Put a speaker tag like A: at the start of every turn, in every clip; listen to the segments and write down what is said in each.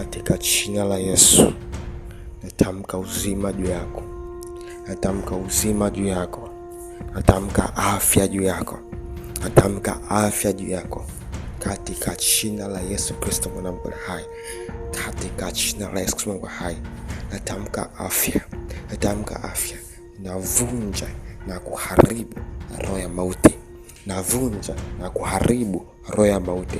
A: katika jina la Yesu. Natamka uzima juu yako, natamka uzima juu yako, natamka afya juu yako, natamka afya juu yako katika jina la Yesu Kristo mwana wa hai, katika jina la Yesu Kristo mwana wa hai, natamka afya, natamka afya, navunja na kuharibu roho ya mauti, navunja na kuharibu roho ya mauti,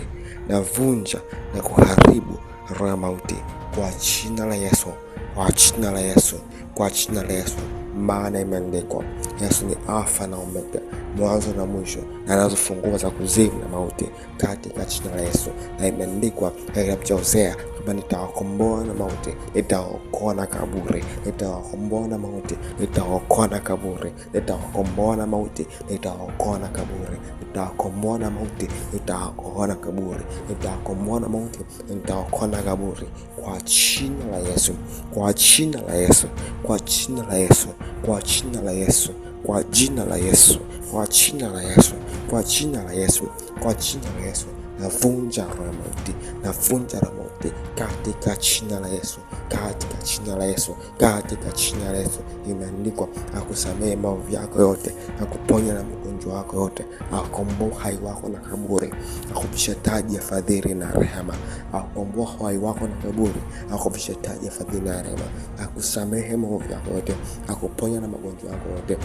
A: navunja na kuharibu roho ya mauti kwa jina la Yesu, kwa jina la Yesu, kwa jina la Yesu, maana imeandikwa, Yesu ni Alfa na Omega, mwanzo na mwisho, na anazo funguo za kuzimu na mauti, katika jina la Yesu. Na imeandikwa katika kitabu cha Hosea kwamba nitawakomboa na mauti, nitawaokoa na kaburi, nitawakomboa na mauti, nitawaokoa na kaburi, nitawakomboa na mauti, nitawaokoa na kaburi, nitawakomboa na mauti, nitawaokoa na kaburi, nitawakomboa na mauti, nitawaokoa na kaburi, kwa china la Yesu, kwa china la Yesu, kwa china la Yesu, kwa china la Yesu, kwa jina la Yesu, kwa china la Yesu, kwa china la Yesu, kwa china la Yesu navunja roho ya mauti, navunja roho ya mauti katika jina la Yesu, katika jina la Yesu, katika jina la Yesu. Imeandikwa, akusamehe maovu yako yote, akuponya na mgonjwa wako yote, akomboa hai wako na kaburi, akupisha taji ya fadhili na rehema, akomboa hai wako na kaburi, akupisha taji ya fadhili na rehema, akusamehe maovu yako yote, akuponya na magonjwa yako yote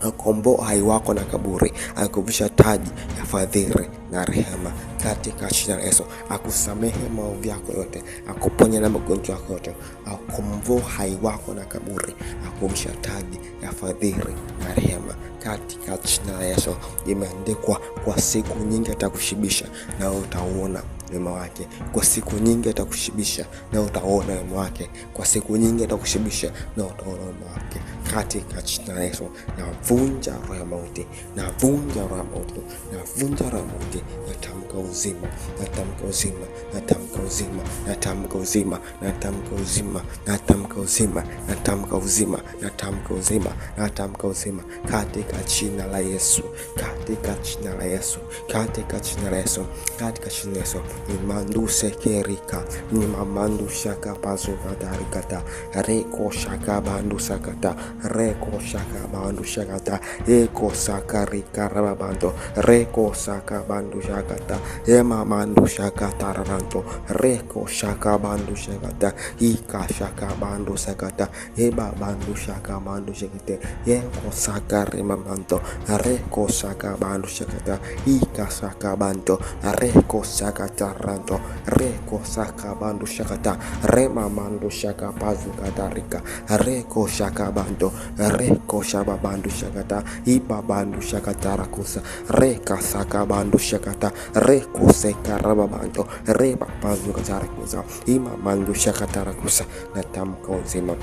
A: akomboa hai wako na kaburi, akupisha taji ya fadhili na rehema katika jina la Yesu, akusamehe maovu yako yote, akuponye na magonjwa yako yote, akumvua uhai wako na kaburi, akumsha taji ya fadhili na rehema katika jina la Yesu. Imeandikwa, kwa siku nyingi atakushibisha na utaona wema wake. Kwa siku nyingi atakushibisha na utaona wema wake. Kwa siku nyingi atakushibisha na utaona wema wake katika jina la Yesu. Navunja roho ya mauti, navunja roho ya mauti, navunja roho ya mauti natamka uzima, natamka uzima, natamka uzima, natamka uzima, natamka uzima, natamka uzima, natamka uzima, natamka uzima, natamka uzima katika jina la Yesu, katika jina la Yesu, katika jina la Yesu, katika jina la Yesu nimandusekerika nimamandushakapazuvadarikata rekoshakabandusakata rekoshakabandusakata ekosakarikarabando rekosakabando bandu shakata ema mandu shakata raranto reko shaka bandu shakata ika shaka bandu sakata eba bandu shaka bandu reko yeko saka rema manto reko shaka bandu shakata ika shaka bandu reko shakata ranto reko shaka bandu shakata rema mandu shaka pazu katarika reko shaka bandu reko shaba bandu shakata iba bandu shakata rakusa reka saka bandu shakata shakata re kuse karaba banjo re papazu kazara kuza ima mandu shakata rakusa natamka uzima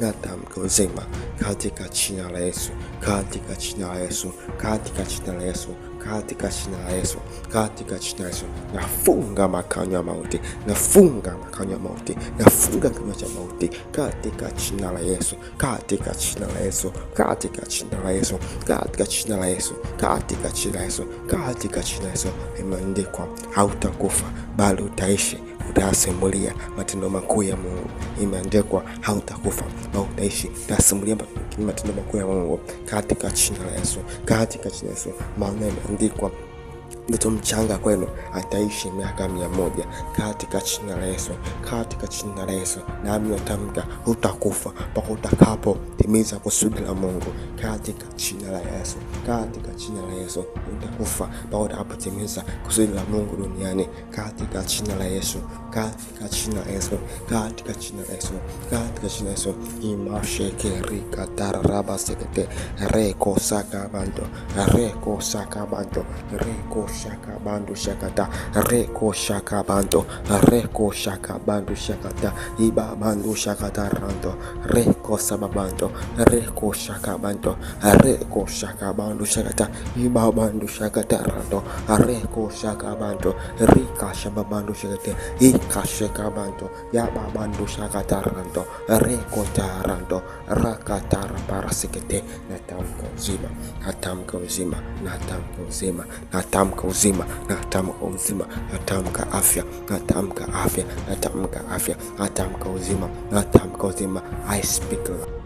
A: natamka uzima katika jina la Yesu, katika jina la Yesu, katika jina la Yesu, katika jina la Yesu, katika jina la Yesu. Nafunga makanywa mauti, nafunga makanywa mauti, nafunga kinywa cha mauti katika jina la Yesu, katika jina la Yesu, katika jina la Yesu, katika jina la Yesu, katika jina la Yesu, katika jina la Yesu. Imeandikwa, hautakufa bali utaishi utasimulia matendo makuu ya Mungu. Imeandikwa hautakufa au utaishi. Utasimulia matendo makuu ya Mungu katika jina la Yesu, katika jina la Yesu, maana imeandikwa Mtoto mchanga kwenu ataishi miaka mia moja katika china la Yesu, katika china la Yesu. Nami watamka hutakufa mpaka utakapotimiza kusudi la Mungu, katika china la Yesu, katika china la Yesu. Hutakufa mpaka utakapotimiza kusudi la Mungu duniani, katika china la Yesu, katika china la Yesu, katika china la Yesu, katika china la Yesu. imashekerikatararabasekete rekosakabanto rekosakabanto reko shaka bandu shakata reko shaka bandu reko shaka bandu shakata iba bandu shakata rando reko sababando reko shaka bando reko shaka bandu shakata iba bandu shakata rando reko shaka bando rika shaba bandu shakata ika shaka bando yaba bandu shakata rando reko tarando rakatara parasikete na tamko uzima na tamko uzima na tamko uzima, natamka uzima, natamka afya, natamka afya, natamka afya, natamka uzima, natamka uzima. I speak love.